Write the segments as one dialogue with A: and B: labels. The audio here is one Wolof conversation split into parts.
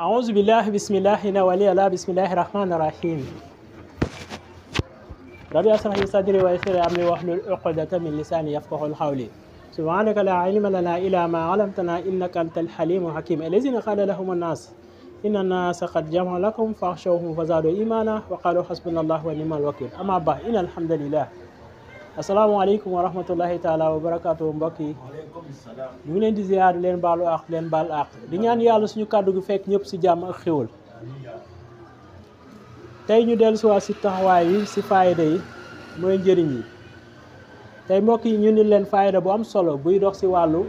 A: أعوذ بالله بسم الله ولي الله بسم الله الرحمن الرحيم رب أسرح لي صدري ويسر أمري واحلل عقدة من لساني يفقه القول سبحانك لا علم لنا إلا ما علمتنا إنك أنت الحليم الحكيم الذين قال لهم الناس إن الناس قد جمعوا لكم فاخشوهم فزادوا إيمانا وقالوا حسبنا الله ونعم الوكيل أما بعد إن الحمد لله Assalamualaikum warahmatullahi taala wabarakatuh mbokki ñu ngi leen di ziar leen balu ak leen bal ak di ñaan yalla suñu kaddu gu fekk ñepp si jamm ak xewul tay ñu dellu wa ci taxaway yi si fayda yi moy njëriñ yi tay mbokki ñu ni leen fayda bu am solo buy dox si walu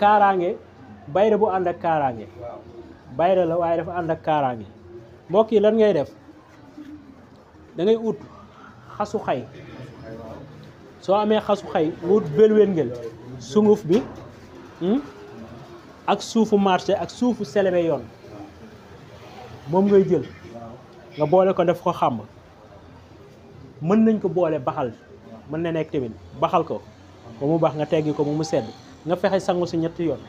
A: karange bayra bu and ak karange bayra la way dafa and ak karange mbokki lan ngay def da ngay ut xasu xay so amé xasu xay wut bëlween ngel sunguf bi hmm, ak soufu marché ak soufu selebe yon mom ngay jël nga bolé ko def ko xam mën nañ ko bolé baxal mën na nek timine baxal ko ko mu bax nga téggi ko mu mu sedd nga fexé sangu ci ñett yoon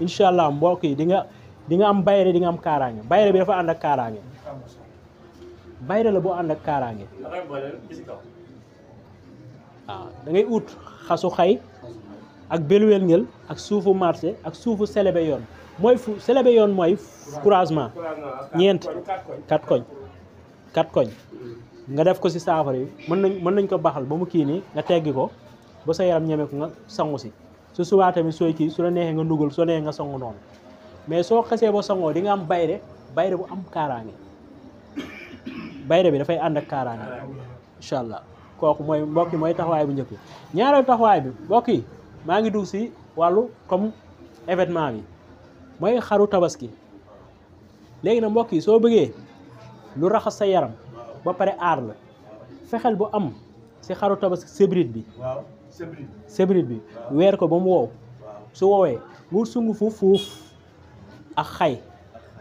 A: inshallah allah mbokk yi di nga di nga am bayré di nga am karange bayré bi dafa and ak bayré la bo and ak waaw da ngay ut xasu xay ak belwel ngel ak suufu marché ak suufu selebe yoon mooy fu selebe yoon mooy croisement ñeent kat koñ kat koñ nga def ko si saafara yi mën nañ mën nañ ko baxal ba mu kii nii nga teggi ko ba sa yaram ñeme ko nga sangu si su subaa tamit sooy kii su la neexee nga ndugal soo neexee nga sangu noonu mais soo xasee ba sangoo di nga am bayre bayre bu am kaaraange bayre bi dafay ànd ak kaaraange incha allah kooku mooy mbokk yi mooy taxawaay bu njëkk ñaareelu taxawaay bi mbokk yi maa ngi dugg si wàllu comme événement bi mooy xaru tabaski léegi nag mbokk yi soo bëggee lu raxas sa yaram ba pare aar la fexeel bu am si xaru tabaski sébrit bi bi weer ko ba mu wow su woowee mu sungu fuuf fuuf ak xay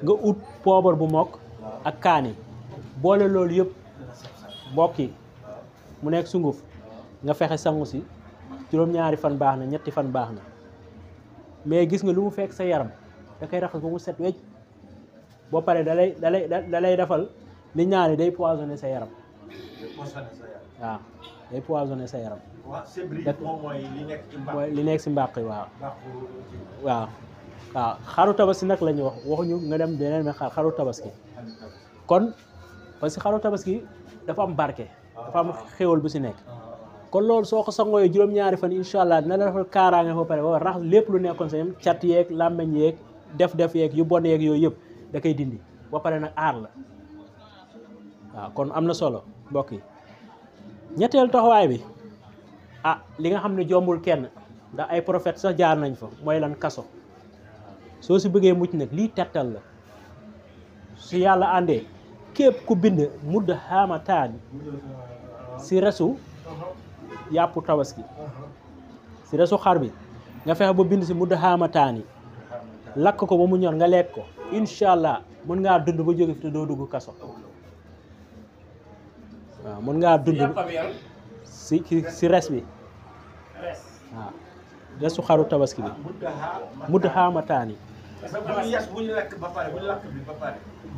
A: nga ut poobar bu mokk ak kaani boole loolu yëpp mbokk yi mu nek sunguf nga fexé sangu ci juroom ñaari fan baxna ñetti fan baxna mais gis nga lu mu fekk sa yaram da kay raxal bu mu set wecc bo paré dalay dalay dalay dafal da li ñaari day poisonné sa yaram. day sa yaram. wa day poisonné sa yaram. li nek ci mbàq li nek ci mbàq wa wa wa xaru tabaski nak lañ wax waxuñu nga dem benen xaru tabaski kon parce que xaru tabaski dafa am barké dafa am xéwal bu si nekk kon loolu soo ko sangoo juróom-ñaari fan incha allah la defal kaaraange ba pare ba raxas lépp lu nekkoon sa yem cat yeeg làmmeñ def-def yeeg yu bon yeeg yooyu yëpp da koy dindi ba pare nag aar la kon am na solo mbokk yi ñetteelu taxawaay bi ah li nga xam ne jombul kenn ndax ay prophète sax jaar nañ fa mooy lan kaso soo si bëggee mucc nag lii tettal la su yàlla àndee képp ku bind mudd sirasu ya putawaski sirasu xar nga fexe bo bind si mu daxaamataani lakk ko bo mu ñor nga lek ko inshallah allah mën nga dund bo jóge fi te doo dugg kaso mën nga dund si si res bi res resu xaru tawaski bi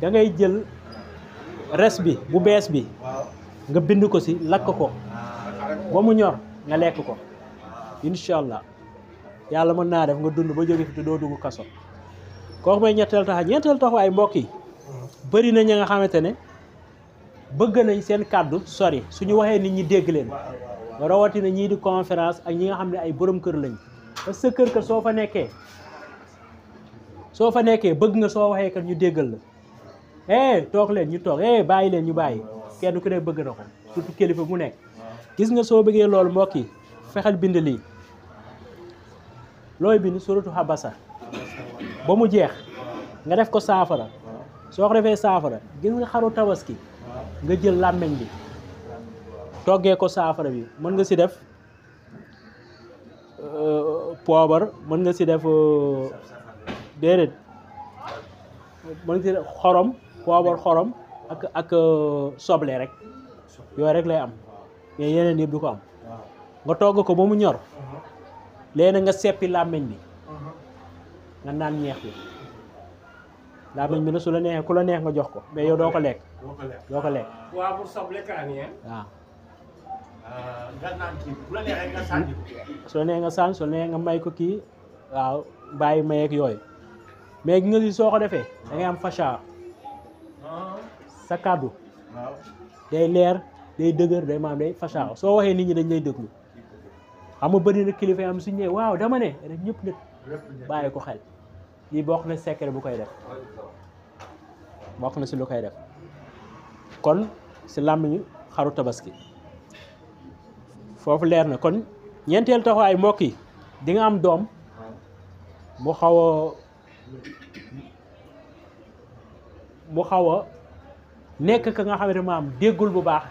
A: da ngay jël res bi bu bes bi nga bind ko si lakk ko ba mu ñor nga lekk ko incha allah yàlla mën naa def nga dund ba jóge fi te doo dugg kaso kooku mooy ñetteel tax ñetteel tax ay mbokk yi bëri na ñi nga xamante ne bëgg nañ seen kàddu sori ñu waxee nit ñi dégg leen rawatina ñii di conférence ak ñi nga xam ne ay borom kër lañ parce que kër kër soo fa nekkee soo fa nekkee bëgg nga soo waxee kat ñu déggal la eh toog leen ñu toog eh bàyyi leen ñu bàyyi. kenn ku ne bëgg na ko surtout kilifa mu nekk gis nga soo bëggee loolu mbokk yi fexeel bind lii looy bind suratu basa ba mu jeex nga def ko saafara soo ko defee saafara gis nga xaru tabaski nga jël làmmiñ bi toggee ko saafara bi mën nga si def euh, poobar mën nga si def euh, déedéet mën nga si def xorom poobar xorom ak ak euh, soble rek yooyu rek lay am mais yeneen yëpp du ko am nga togg ko ba mu ñor uh-huh. léegi nga seppi làmmiñ bi uh-huh. nga naan ñeex bi làmmiñ bi na su la neexee ku la neex nga jox ko mais yow doo ko lekk doo ko lekk ah. waaw pour ah. Ah, su la neexee nga sànni su la neexee nga may ko kii waaw bàyyi mayeeg yooyu mais nga soo ko defee da am facha sa kàddu waaw day leer day dëgër day maam day fasaaw soo waxee nit ñi dañ lay déglu xam nga bëri na kilifa am suñ ne waaw dama ne rek ñëpp nit bàyyi ko xel lii bokk na secret bu koy def bokk na si lu koy def kon si làmmiñu xaru tabaski foofu leer na kon ñeenteel taxawaay mbokk yi di am doom mu xaw mu xaw nekk ka nga xam ne maam déggul bu baax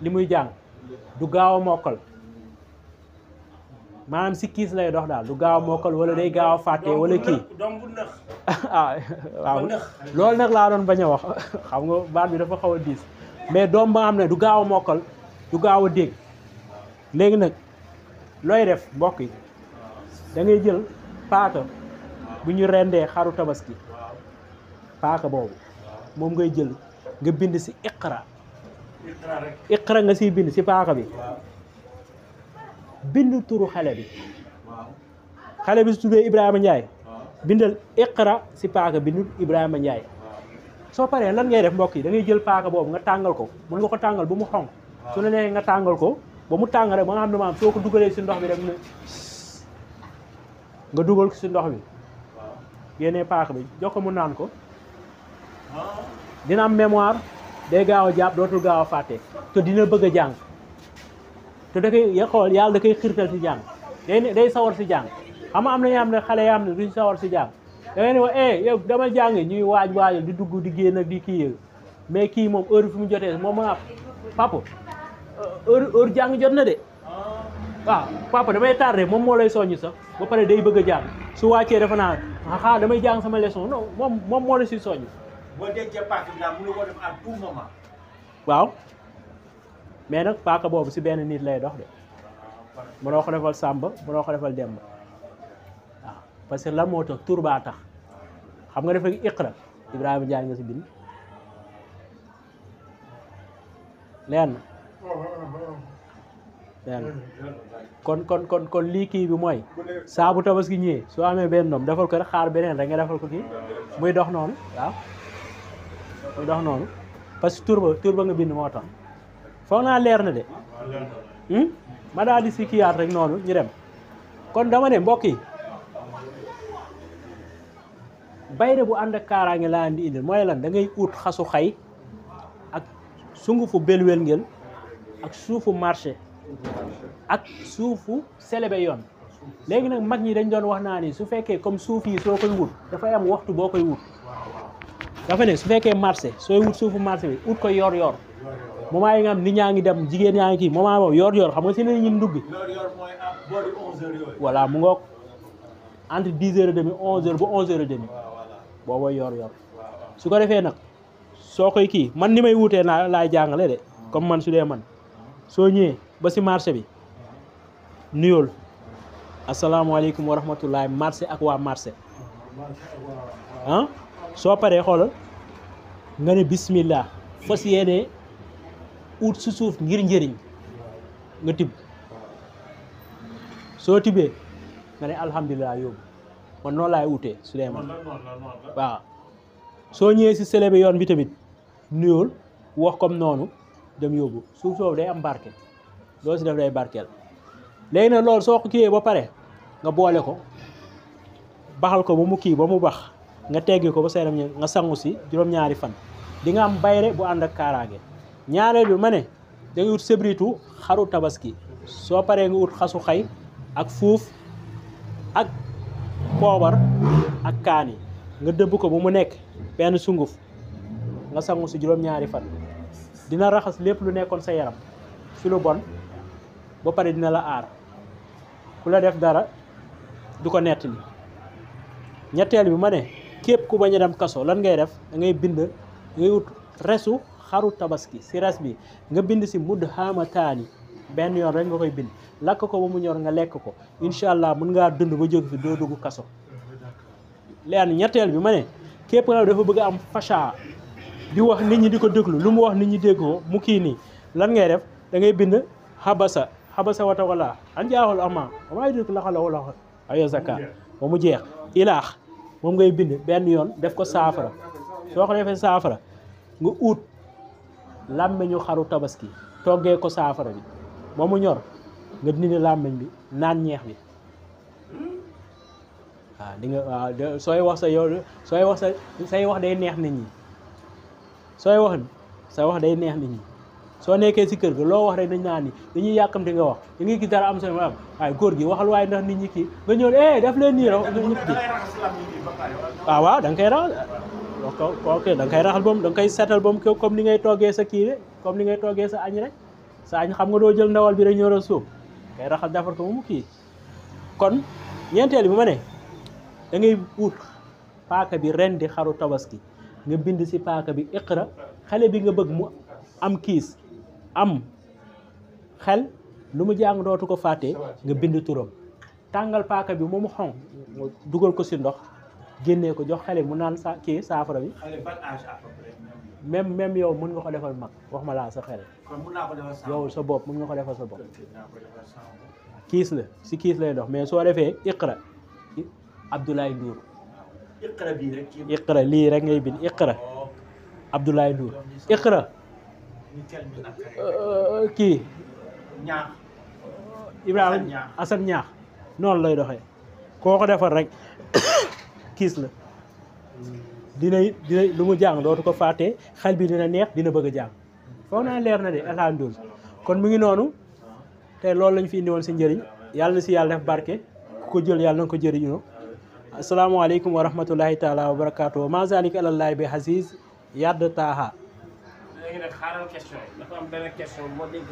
A: li muy jàng du gaaw a mokkal maanaam si kiis lay dox daal du gaaw a mokkal wala day gaaw a fàtte wala kii ah waaw loolu nag laa doon bañ a wax xam nga baat bi dafa xaw a diis mais doom ba am ne du gaaw a mokkal du gaaw a dégg léegi nag looy def mbokk yi da jël paaka bu ñu rendee xaru tabaski paaka boobu moom ngay jël nga bind si iqra iqra nga siy bind si paaka bi bind turu xale bi xale bi su tuddee Ibrahima Ndiaye bindal iqra si paaka bi bindul Ibrahima njaay soo paree lan ngay def mbokk yi da ngay jël paaka boobu nga tàngal ko mun nga ko tàngal ba mu xonq su ne nee nga tàngal ko ba mu tàng rek ba nga xam ne maam soo ko dugalee si ndox bi rek ne nga dugal ko si ndox bi génnee paaka bi jox mu naan ko dina am mémoire day gaaw a jàpp dootul gaaw a fàtte te dina bëgg a jàng te da koy ya xool yàlla da koy xirtal si jàng day day sawar si jàng am nga am na ñoo xam xale yoo xam ne duñ sawar si jàng da ngay eh, dama jàng ñuy waaj waajal di dugg di génn di kii mais kii moom heure fi mu jotee moom mën a papa heure heure jàng jot na de waaw ah, papa damay tardé moom moo lay soññ sax ba pare day bëgg a jàng su wàccee dafa naa xaa damay jàng sama leçon non moom moom moo la si soññ Wow. dencee paaka bi mais si benn nit lay dox de mënoo ko defal Samba mënoo ko defal Demba waaw parce que lan moo tax tur baa tax xam nga dafa iqra Ibrahima Ndiaye nga si bind. leen kon kon kon kon liki kii bi mooy saa bu tabaski ñëwee soo amee benn doom defal ko rek xaar benen rek nga defal ko kii muy dox waaw muy dox noonu parce que tur tur ba nga bind moo tax foog naa leer na de hmm? ma daal di si rek noonu ñu dem kon dama ne mbokk yi bayre bu ànd ak kaaraange laa andi indil mooy lan da ngay ut xasu xay ak sungufu belwel ngel ak suufu marché ak suufu selebe yoon léegi nag mag ñi dañ doon wax naa ni su fekkee comme suuf yi soo koy wut dafay am waxtu boo koy wut dafa ne su fekkee marché sooy wut suufu marché bi ut ko yoor yor moment yi nga xam nit ñaa ngi dem jigéen ñaa ngi kii moo boobu yor yor xam nga si ne ñuy ndugg voilà mu ngoog entre dix heures et demi onze heures ba su ko defee nag soo koy kii man ni may wutee naa laay jàngale de comme man su dee man soo ñëwee ba si marché bi nuyool asalaamaaleykum wa rahmatullahi marché ak waa marché ah soo paree xoolal nga ne bismillah fas yéene ut si suuf ngir njëriñ nga tibb soo tibbee nga ne alhamdulilah yóbbu man noonu laay utee Souleymane waaw soo ñëwee si sële bi yoon bi tamit nuyul wax kom noonu dem yóbbu suuf soofu day am barke loolu si def day barkeel léegi nag loolu soo ko kiiwee ba pare nga boole ko baxal ko ba mu kii ba mu bax nga teggi ko ba sa yaram nga sangu ci juroom ñaari fan di nga am bayre bu and ak kaaraange ñaareel bi ma da nga wut sebritu xaru tabaski so paree nga wut xasu xay ak fouf ak pobar ak kani nga debbu ko bu mu nek ben sunguf nga sangu ci juroom ñaari fan dina raxas lepp lu nekkon sa yaram si lu bon ba pare dina la ar kula def dara du ko nettali bi ma Kep ku baña dem kaso lan ngay def da ngay bind ngay wut resu kharu tabaski si res bi nga bind si mudd xaamataani benn yoon rek nga koy bind lak ko ba mu ñor nga lek ko inshallah mën nga dund ba jog fi do dug kaso leen ñettel bi mané kep nga dafa bëgg am fasha di wax nit ñi diko deglu lu mu wax nit ñi deggo mu ki ni lan ngay def da ngay bind habasa wa watawala an jaaxul ama amay dëkk laxalawo lax ayo zakka ba mu jeex moom ngay bind benn yoon def ko saafara soo ko defee saafara nga ut làmmiñu xaru tabaski toggee ko saafara bi ba mu ñor nga dindi làmbiñ bi naan ñeex bi waaw di nga waaw sooy wax sa yow sooy wax sa say wax day neex nit ñi sooy wax sa wax day neex nit ñi so nekké ci kër ga lo wax rek dañ na ni dañuy yàkkamti nga wax da ki dara am seen am ay goor gi waxal way ndax nit ñi ki nga ñëw eh daf leen ni raw nga ñëpp kii wa waaw da nga koy ko ok dang kay koy raxal ba mu da nga koy setal comme ni ngay toggee sa kii comme ni ngay toggee sa añ rek sa añ xam nga do jël ndawal bi rek ñoro suuf raxal dafar ko mu ki kon ñentel bi ma né da ngay ut paaka bi rendi xaru tabaski nga bind ci paaka bi iqra xalé bi nga bëgg mu am kiss am xel lu mu jàng dootu ko fàtte nga bind turam tàngal paaka bi moomu xonq dugal ko si ndox génne ko jox xale mu naan sa kii saafara bi même même yow mun nga ko defal mag wax ma laa sa xel yow sa bopp mën nga ko defal sa bopp kiis la si kiis lay ndox mais soo defee iqra Abdoulaye Ndour iqra lii rek ngay bind iqra oh. Abdoulaye Ndour Euh, euh, kii. ñaax. Ibrahima Assane ñaax noonu lay doxe koo ko defal rek kiis la dina dina lu mu jàng dootu ko fàtte xel bi dina neex dina bëgg a jàng foog naa leer na de alhamdulilah kon mu ngi noonu te loolu lañ fi indi woon si njëriñ yàlla na si yàlla def barke ku ko jël yàlla na ko jëriñoo asalaamaaleykum wa rahmatullahi taala wa barakaatu wa ma zalika alallahi bi aziz yadd taaha dañuy def xaaral question yi dafa am benn question moo dégg